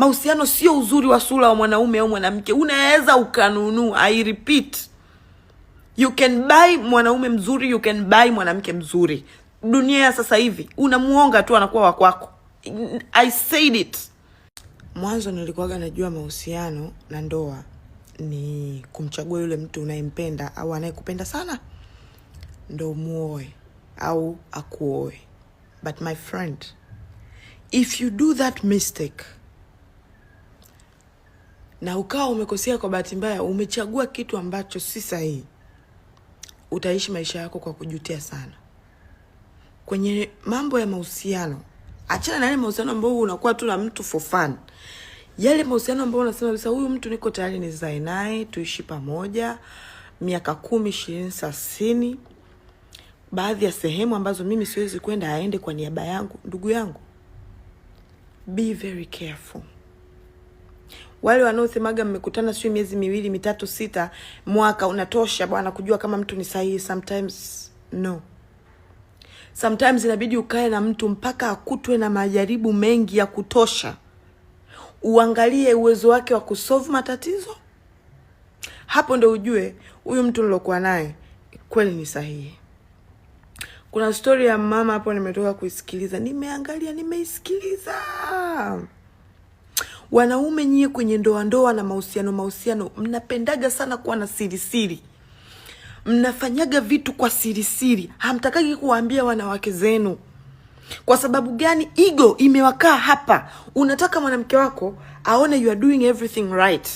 Mahusiano sio uzuri wa sura wa mwanaume au mwanamke, unaweza ukanunua. I repeat, you can buy mwanaume mzuri, you can buy mwanamke mzuri. Dunia ya sasa hivi unamuonga tu, anakuwa wa kwako. I said it. Mwanzo nilikuwaga najua mahusiano na ndoa ni kumchagua yule mtu unayempenda au anayekupenda sana ndo muoe au akuoe, but my friend, if you do that mistake na ukawa umekosea kwa bahati mbaya, umechagua kitu ambacho si sahihi, utaishi maisha yako kwa kujutia sana. Kwenye mambo ya mahusiano, achana na yale mahusiano ambayo unakuwa tu na mtu for fun, yale mahusiano ambayo unasema kabisa, huyu mtu niko tayari nizae naye tuishi pamoja miaka kumi, ishirini, thelathini. Baadhi ya sehemu ambazo mimi siwezi kwenda aende kwa niaba yangu. Ndugu yangu, be very careful. Wale wanaosemaga mmekutana sio miezi miwili mitatu sita mwaka unatosha bwana kujua kama mtu ni sahihi. Sometimes no, sometimes inabidi ukae na mtu mpaka akutwe na majaribu mengi ya kutosha, uangalie uwezo wake wa kusolve matatizo. Hapo ndo ujue huyu mtu nilokuwa naye kweli ni sahihi. Kuna stori ya mama hapo nimetoka kuisikiliza, nimeangalia, nimeisikiliza Wanaume nyie kwenye ndoa ndoa na mahusiano mahusiano, mnapendaga sana kuwa na siri siri, mnafanyaga vitu kwa siri siri, hamtakagi kuwaambia wanawake zenu. Kwa sababu gani? Ego imewakaa hapa. Unataka mwanamke wako aone you are doing everything right,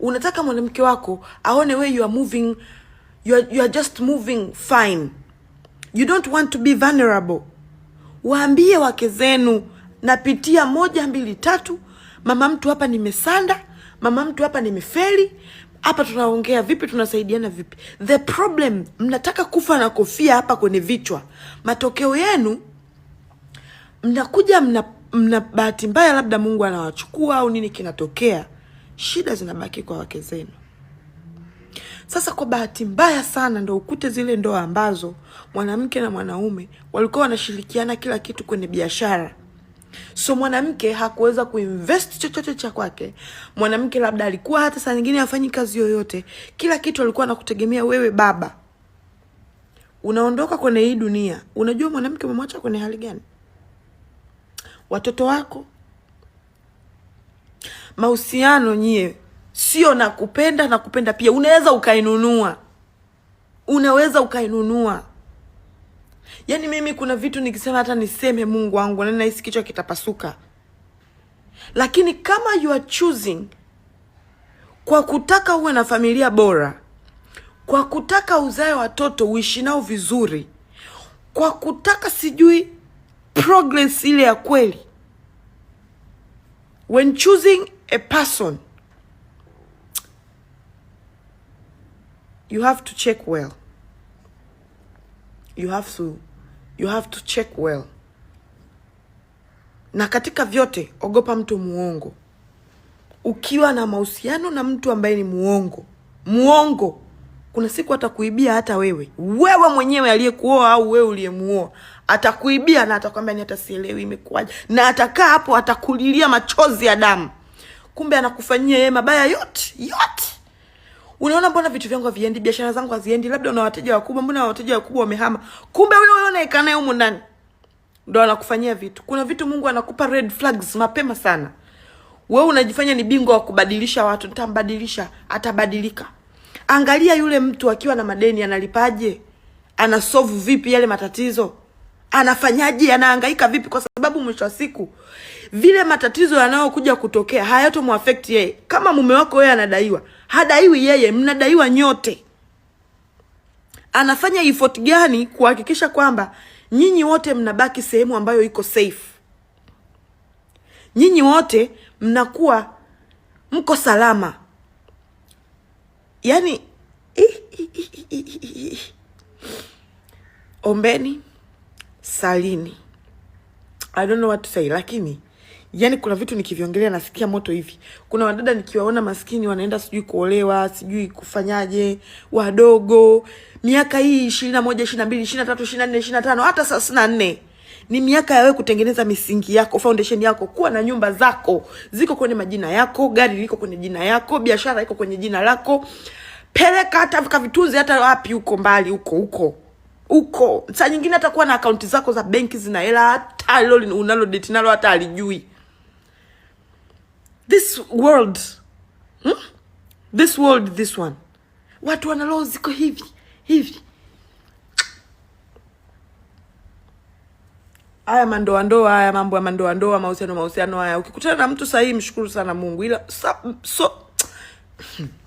unataka mwanamke wako aone we you are moving you are, you are just moving fine, you don't want to be vulnerable. Waambie wake zenu napitia moja mbili tatu mama mtu hapa nimesanda, mama mtu hapa nimefeli, hapa tunaongea vipi, tunasaidiana vipi? The problem mnataka kufa na kofia hapa kwenye vichwa. Matokeo yenu mnakuja mna, mna bahati mbaya, labda Mungu anawachukua au nini kinatokea, shida zinabaki kwa wake zenu. Sasa kwa bahati mbaya sana ndo ukute zile ndoa ambazo mwanamke na mwanaume walikuwa wanashirikiana kila kitu kwenye biashara So mwanamke hakuweza kuinvest chochote cha kwake. Mwanamke labda alikuwa hata saa nyingine hafanyi kazi yoyote, kila kitu alikuwa anakutegemea wewe baba. Unaondoka kwenye hii dunia, unajua mwanamke umemwacha kwenye hali gani? Watoto wako, mahusiano nyie sio na kupenda na kupenda pia, unaweza ukainunua, unaweza ukainunua Yaani mimi kuna vitu nikisema hata niseme Mungu wangu na nahisi kichwa kitapasuka. Lakini kama you are choosing kwa kutaka uwe na familia bora, kwa kutaka uzae watoto uishi nao vizuri, kwa kutaka sijui progress ile ya kweli, when choosing a person you have to check well you have to, you have to check well. Na katika vyote ogopa mtu muongo. Ukiwa na mahusiano na mtu ambaye ni muongo, muongo, kuna siku atakuibia hata wewe, wewe mwenyewe aliyekuoa au wewe uliyemuoa, atakuibia na atakwambia ni hata sielewi imekuwaje, na atakaa hapo atakulilia machozi ya damu, kumbe anakufanyia yeye mabaya yote yote unaona mbona vitu vyangu haviendi, biashara zangu haziendi, labda una wateja wakubwa, mbona wateja wakubwa wamehama? Kumbe yule humu ndani ndo anakufanyia vitu. Kuna vitu Mungu anakupa red flags mapema sana. Wewe unajifanya ni bingwa wa kubadilisha watu, nitambadilisha, atabadilika. Angalia yule mtu akiwa na madeni, analipaje? Anasolve vipi yale matatizo? anafanyaje, anahangaika vipi, kwa sababu mwisho wa siku vile matatizo yanayokuja kutokea hayatomwafekti yeye. Kama mume wako wewe anadaiwa, hadaiwi yeye, mnadaiwa nyote. Anafanya effort gani kuhakikisha kwamba nyinyi wote mnabaki sehemu ambayo iko safe, nyinyi wote mnakuwa mko salama? Yani, ombeni salini. I don't know what to say, lakini yani kuna vitu nikiviongelea nasikia moto hivi. Kuna wadada nikiwaona maskini wanaenda sijui kuolewa sijui kufanyaje, wadogo miaka hii ishirini na moja ishirini na mbili ishirini na tatu ishirini na nne ishirini na tano hata thelathini na nne ni miaka yawe kutengeneza misingi yako, foundation yako, kuwa na nyumba zako ziko kwenye majina yako, gari liko kwenye jina yako, biashara iko kwenye jina lako, peleka hata kavitunze hata wapi huko mbali huko huko huko. Saa nyingine atakuwa na akaunti zako za benki zina hela, hata lo unalo date nalo hata alijui. This world hmm? This world this one, watu wana ziko hivi hivi. Haya mandoa ndoa, haya mambo ya mandoa ndoa, mahusiano mahusiano haya, ukikutana na mtu sahihi mshukuru sana Mungu, ila so, so